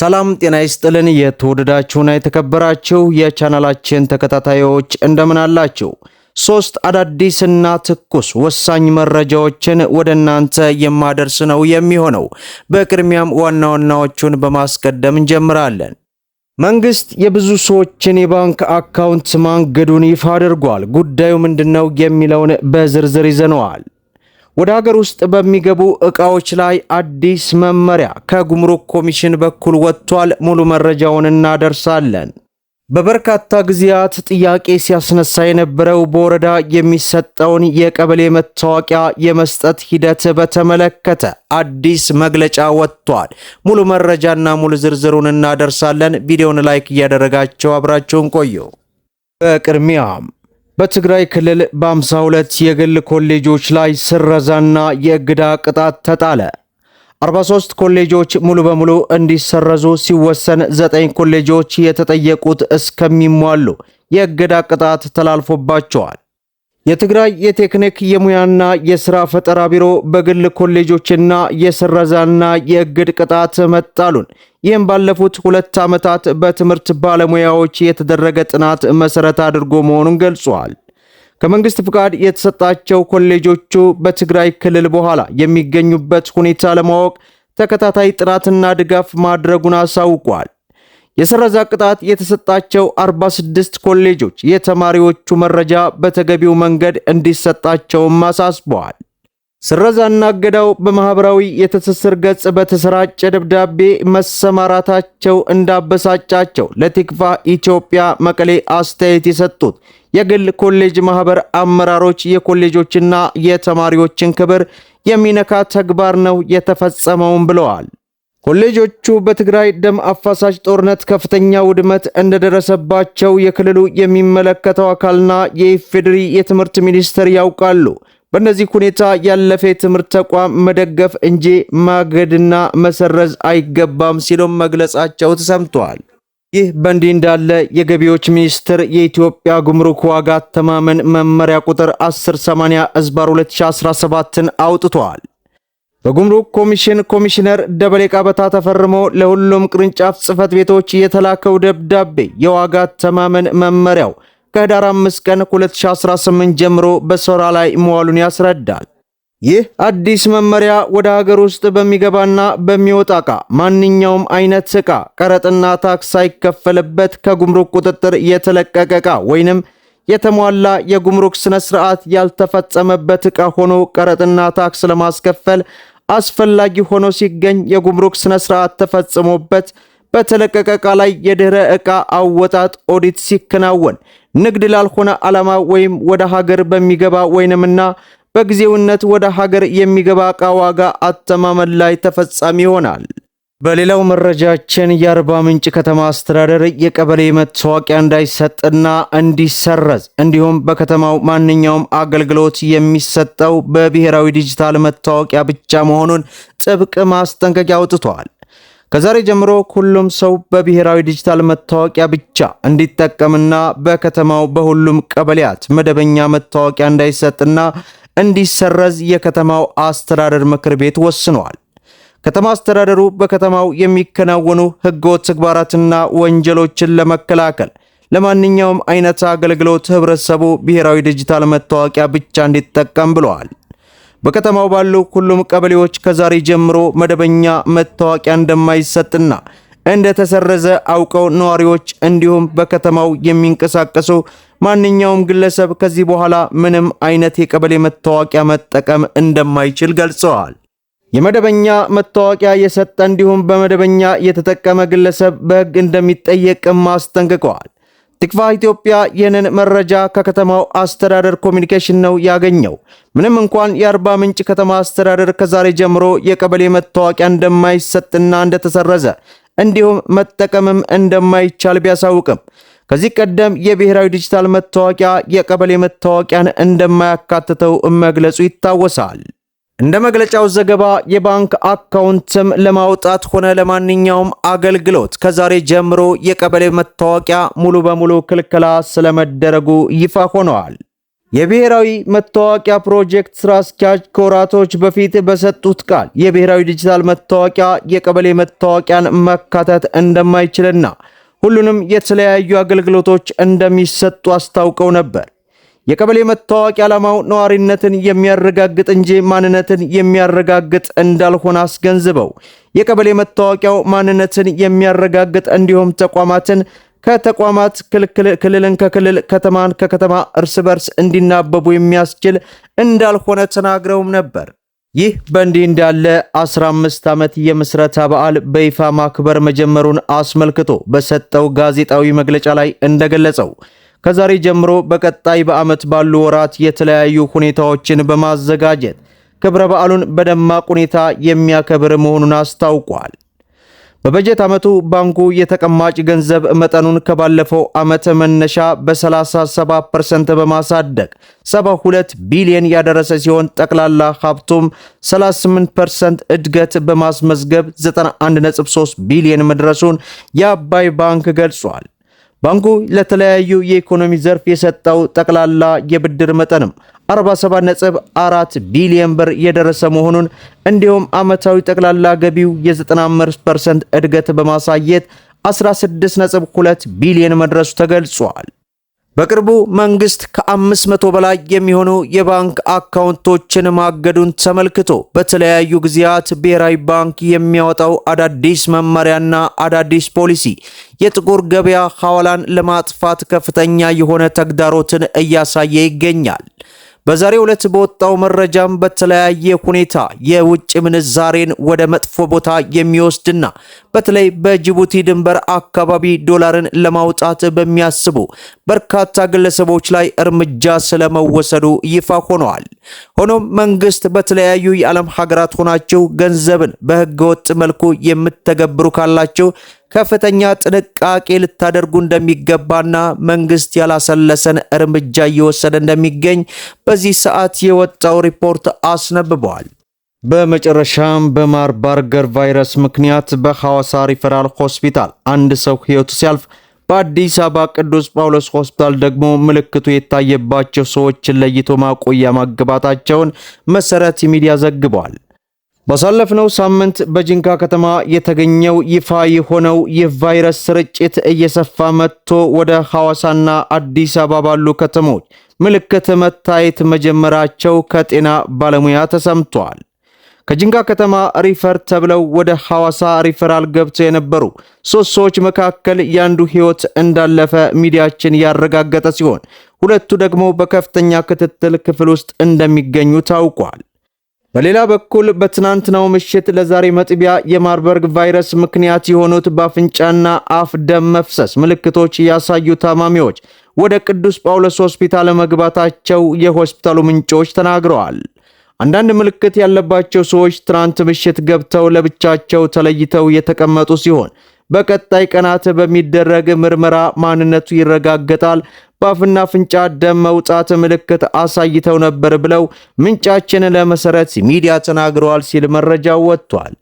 ሰላም ጤና ይስጥልን። የተወደዳችሁና የተከበራችሁ የቻናላችን ተከታታዮች እንደምን አላችሁ? ሶስት አዳዲስና ትኩስ ወሳኝ መረጃዎችን ወደ እናንተ የማደርስ ነው የሚሆነው። በቅድሚያም ዋና ዋናዎቹን በማስቀደም እንጀምራለን። መንግስት የብዙ ሰዎችን የባንክ አካውንት ማንገዱን ይፋ አድርጓል። ጉዳዩ ምንድነው? የሚለውን በዝርዝር ይዘነዋል። ወደ ሀገር ውስጥ በሚገቡ እቃዎች ላይ አዲስ መመሪያ ከጉምሩክ ኮሚሽን በኩል ወጥቷል። ሙሉ መረጃውን እናደርሳለን። በበርካታ ጊዜያት ጥያቄ ሲያስነሳ የነበረው በወረዳ የሚሰጠውን የቀበሌ መታወቂያ የመስጠት ሂደት በተመለከተ አዲስ መግለጫ ወጥቷል። ሙሉ መረጃና ሙሉ ዝርዝሩን እናደርሳለን። ቪዲዮውን ላይክ እያደረጋቸው አብራችሁን ቆዩ። በቅድሚያም በትግራይ ክልል በ52 የግል ኮሌጆች ላይ ስረዛና የእግዳ ቅጣት ተጣለ። 43 ኮሌጆች ሙሉ በሙሉ እንዲሰረዙ ሲወሰን፣ ዘጠኝ ኮሌጆች የተጠየቁት እስከሚሟሉ የእግዳ ቅጣት ተላልፎባቸዋል። የትግራይ የቴክኒክ የሙያና የሥራ ፈጠራ ቢሮ በግል ኮሌጆችና የስረዛና የእግድ ቅጣት መጣሉን ይህም ባለፉት ሁለት ዓመታት በትምህርት ባለሙያዎች የተደረገ ጥናት መሠረት አድርጎ መሆኑን ገልጿል። ከመንግሥት ፍቃድ የተሰጣቸው ኮሌጆቹ በትግራይ ክልል በኋላ የሚገኙበት ሁኔታ ለማወቅ ተከታታይ ጥናትና ድጋፍ ማድረጉን አሳውቋል። የሰረዛ ቅጣት የተሰጣቸው 46 ኮሌጆች የተማሪዎቹ መረጃ በተገቢው መንገድ እንዲሰጣቸውም አሳስበዋል። ስረዛና እገዳው በማህበራዊ የትስስር ገጽ በተሰራጨ ደብዳቤ መሰማራታቸው እንዳበሳጫቸው ለቲክፋ ኢትዮጵያ መቀሌ አስተያየት የሰጡት የግል ኮሌጅ ማህበር አመራሮች የኮሌጆችና የተማሪዎችን ክብር የሚነካ ተግባር ነው የተፈጸመውም ብለዋል። ኮሌጆቹ በትግራይ ደም አፋሳሽ ጦርነት ከፍተኛ ውድመት እንደደረሰባቸው የክልሉ የሚመለከተው አካልና የኢፌዴሪ የትምህርት ሚኒስቴር ያውቃሉ። በእነዚህ ሁኔታ ያለፈ የትምህርት ተቋም መደገፍ እንጂ ማገድና መሰረዝ አይገባም ሲሉም መግለጻቸው ተሰምተዋል። ይህ በእንዲህ እንዳለ የገቢዎች ሚኒስቴር የኢትዮጵያ ጉምሩክ ዋጋ አተማመን መመሪያ ቁጥር 1080 ህዝባር 2017ን አውጥቷል። በጉምሩክ ኮሚሽን ኮሚሽነር ደበሌ ቃበታ ተፈርሞ ለሁሉም ቅርንጫፍ ጽህፈት ቤቶች የተላከው ደብዳቤ የዋጋ ተማመን መመሪያው ከህዳር 5 ቀን 2018 ጀምሮ በሥራ ላይ መዋሉን ያስረዳል። ይህ አዲስ መመሪያ ወደ ሀገር ውስጥ በሚገባና በሚወጣ ዕቃ ማንኛውም አይነት ዕቃ ቀረጥና ታክስ ሳይከፈልበት ከጉምሩክ ቁጥጥር የተለቀቀ ዕቃ ወይንም የተሟላ የጉምሩክ ስነ ስርዓት ያልተፈጸመበት ዕቃ ሆኖ ቀረጥና ታክስ ለማስከፈል አስፈላጊ ሆኖ ሲገኝ የጉምሩክ ስነ ስርዓት ተፈጽሞበት በተለቀቀ እቃ ላይ የድህረ ዕቃ አወጣጥ ኦዲት ሲከናወን ንግድ ላልሆነ ዓላማ ወይም ወደ ሀገር በሚገባ ወይንምና በጊዜውነት ወደ ሀገር የሚገባ እቃ ዋጋ አተማመን ላይ ተፈጻሚ ይሆናል። በሌላው መረጃችን የአርባ ምንጭ ከተማ አስተዳደር የቀበሌ መታወቂያ እንዳይሰጥና እንዲሰረዝ እንዲሁም በከተማው ማንኛውም አገልግሎት የሚሰጠው በብሔራዊ ዲጂታል መታወቂያ ብቻ መሆኑን ጥብቅ ማስጠንቀቂያ አውጥቷል። ከዛሬ ጀምሮ ሁሉም ሰው በብሔራዊ ዲጂታል መታወቂያ ብቻ እንዲጠቀምና በከተማው በሁሉም ቀበሌያት መደበኛ መታወቂያ እንዳይሰጥና እንዲሰረዝ የከተማው አስተዳደር ምክር ቤት ወስኗል። ከተማ አስተዳደሩ በከተማው የሚከናወኑ ህገወጥ ተግባራትና ወንጀሎችን ለመከላከል ለማንኛውም አይነት አገልግሎት ህብረተሰቡ ብሔራዊ ዲጂታል መታወቂያ ብቻ እንዲጠቀም ብለዋል። በከተማው ባሉ ሁሉም ቀበሌዎች ከዛሬ ጀምሮ መደበኛ መታወቂያ እንደማይሰጥና እንደተሰረዘ አውቀው ነዋሪዎች እንዲሁም በከተማው የሚንቀሳቀሱ ማንኛውም ግለሰብ ከዚህ በኋላ ምንም አይነት የቀበሌ መታወቂያ መጠቀም እንደማይችል ገልጸዋል። የመደበኛ መታወቂያ የሰጠ እንዲሁም በመደበኛ የተጠቀመ ግለሰብ በሕግ እንደሚጠየቅም አስጠንቅቀዋል። ትክቫ ኢትዮጵያ ይህንን መረጃ ከከተማው አስተዳደር ኮሚኒኬሽን ነው ያገኘው። ምንም እንኳን የአርባ ምንጭ ከተማ አስተዳደር ከዛሬ ጀምሮ የቀበሌ መታወቂያ እንደማይሰጥና እንደተሰረዘ እንዲሁም መጠቀምም እንደማይቻል ቢያሳውቅም ከዚህ ቀደም የብሔራዊ ዲጂታል መታወቂያ የቀበሌ መታወቂያን እንደማያካትተው መግለጹ ይታወሳል። እንደ መግለጫው ዘገባ የባንክ አካውንትም ለማውጣት ሆነ ለማንኛውም አገልግሎት ከዛሬ ጀምሮ የቀበሌ መታወቂያ ሙሉ በሙሉ ክልከላ ስለመደረጉ ይፋ ሆነዋል። የብሔራዊ መታወቂያ ፕሮጀክት ስራ አስኪያጅ ከወራቶች በፊት በሰጡት ቃል የብሔራዊ ዲጂታል መታወቂያ የቀበሌ መታወቂያን መካተት እንደማይችልና ሁሉንም የተለያዩ አገልግሎቶች እንደሚሰጡ አስታውቀው ነበር። የቀበሌ መታወቂያ ዓላማው ነዋሪነትን የሚያረጋግጥ እንጂ ማንነትን የሚያረጋግጥ እንዳልሆነ አስገንዝበው የቀበሌ መታወቂያው ማንነትን የሚያረጋግጥ እንዲሁም ተቋማትን ከተቋማት ክልልን ከክልል ከተማን ከከተማ እርስ በርስ እንዲናበቡ የሚያስችል እንዳልሆነ ተናግረውም ነበር። ይህ በእንዲህ እንዳለ 15 ዓመት የምስረታ በዓል በይፋ ማክበር መጀመሩን አስመልክቶ በሰጠው ጋዜጣዊ መግለጫ ላይ እንደገለጸው ከዛሬ ጀምሮ በቀጣይ በዓመት ባሉ ወራት የተለያዩ ሁኔታዎችን በማዘጋጀት ክብረ በዓሉን በደማቅ ሁኔታ የሚያከብር መሆኑን አስታውቋል። በበጀት ዓመቱ ባንኩ የተቀማጭ ገንዘብ መጠኑን ከባለፈው ዓመት መነሻ በ37% በማሳደግ 72 ቢሊዮን ያደረሰ ሲሆን ጠቅላላ ሀብቱም 38% እድገት በማስመዝገብ 91.3 ቢሊዮን መድረሱን የአባይ ባንክ ገልጿል። ባንኩ ለተለያዩ የኢኮኖሚ ዘርፍ የሰጠው ጠቅላላ የብድር መጠንም 47.4 ቢሊዮን ብር የደረሰ መሆኑን እንዲሁም ዓመታዊ ጠቅላላ ገቢው የ95% እድገት በማሳየት 16.2 ቢሊዮን መድረሱ ተገልጿል። በቅርቡ መንግስት ከ500 በላይ የሚሆኑ የባንክ አካውንቶችን ማገዱን ተመልክቶ በተለያዩ ጊዜያት ብሔራዊ ባንክ የሚያወጣው አዳዲስ መመሪያና አዳዲስ ፖሊሲ የጥቁር ገበያ ሐዋላን ለማጥፋት ከፍተኛ የሆነ ተግዳሮትን እያሳየ ይገኛል። በዛሬ ዕለት በወጣው መረጃም በተለያየ ሁኔታ የውጭ ምንዛሬን ወደ መጥፎ ቦታ የሚወስድና በተለይ በጅቡቲ ድንበር አካባቢ ዶላርን ለማውጣት በሚያስቡ በርካታ ግለሰቦች ላይ እርምጃ ስለመወሰዱ ይፋ ሆነዋል። ሆኖም መንግስት በተለያዩ የዓለም ሀገራት ሆናችሁ ገንዘብን በህገወጥ መልኩ የምትተገብሩ ካላችሁ ከፍተኛ ጥንቃቄ ልታደርጉ እንደሚገባና መንግስት ያላሰለሰን እርምጃ እየወሰደ እንደሚገኝ በዚህ ሰዓት የወጣው ሪፖርት አስነብበዋል። በመጨረሻም በማርባርገር ቫይረስ ምክንያት በሐዋሳ ሪፈራል ሆስፒታል አንድ ሰው ሕይወቱ ሲያልፍ በአዲስ አበባ ቅዱስ ጳውሎስ ሆስፒታል ደግሞ ምልክቱ የታየባቸው ሰዎችን ለይቶ ማቆያ ማገባታቸውን መሰረት ሚዲያ ዘግቧል። ባሳለፍነው ሳምንት በጂንካ ከተማ የተገኘው ይፋ የሆነው የቫይረስ ስርጭት እየሰፋ መጥቶ ወደ ሐዋሳና አዲስ አበባ ባሉ ከተሞች ምልክት መታየት መጀመራቸው ከጤና ባለሙያ ተሰምቷል። ከጂንካ ከተማ ሪፈር ተብለው ወደ ሐዋሳ ሪፈራል ገብተው የነበሩ ሶስት ሰዎች መካከል የአንዱ ሕይወት እንዳለፈ ሚዲያችን ያረጋገጠ ሲሆን ሁለቱ ደግሞ በከፍተኛ ክትትል ክፍል ውስጥ እንደሚገኙ ታውቋል። በሌላ በኩል በትናንትናው ምሽት ለዛሬ መጥቢያ የማርበርግ ቫይረስ ምክንያት የሆኑት በአፍንጫና አፍ ደም መፍሰስ ምልክቶች ያሳዩ ታማሚዎች ወደ ቅዱስ ጳውሎስ ሆስፒታል መግባታቸው የሆስፒታሉ ምንጮች ተናግረዋል። አንዳንድ ምልክት ያለባቸው ሰዎች ትናንት ምሽት ገብተው ለብቻቸው ተለይተው የተቀመጡ ሲሆን በቀጣይ ቀናት በሚደረግ ምርመራ ማንነቱ ይረጋገጣል። በአፍና አፍንጫ ደም መውጣት ምልክት አሳይተው ነበር ብለው ምንጫችን ለመሰረት ሚዲያ ተናግረዋል ሲል መረጃው ወጥቷል።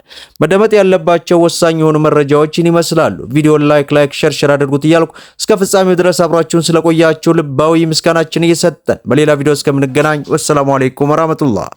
መደመጥ ያለባቸው ወሳኝ የሆኑ መረጃዎችን ይመስላሉ። ቪዲዮን ላይክ ላይክ ሸር አድርጉት እያልኩ እስከ ፍጻሜው ድረስ አብራችሁን ስለቆያችሁ ልባዊ ምስጋናችን እየሰጠን በሌላ ቪዲዮ እስከምንገናኝ ወሰላሙ አሌይኩም ወራህመቱላህ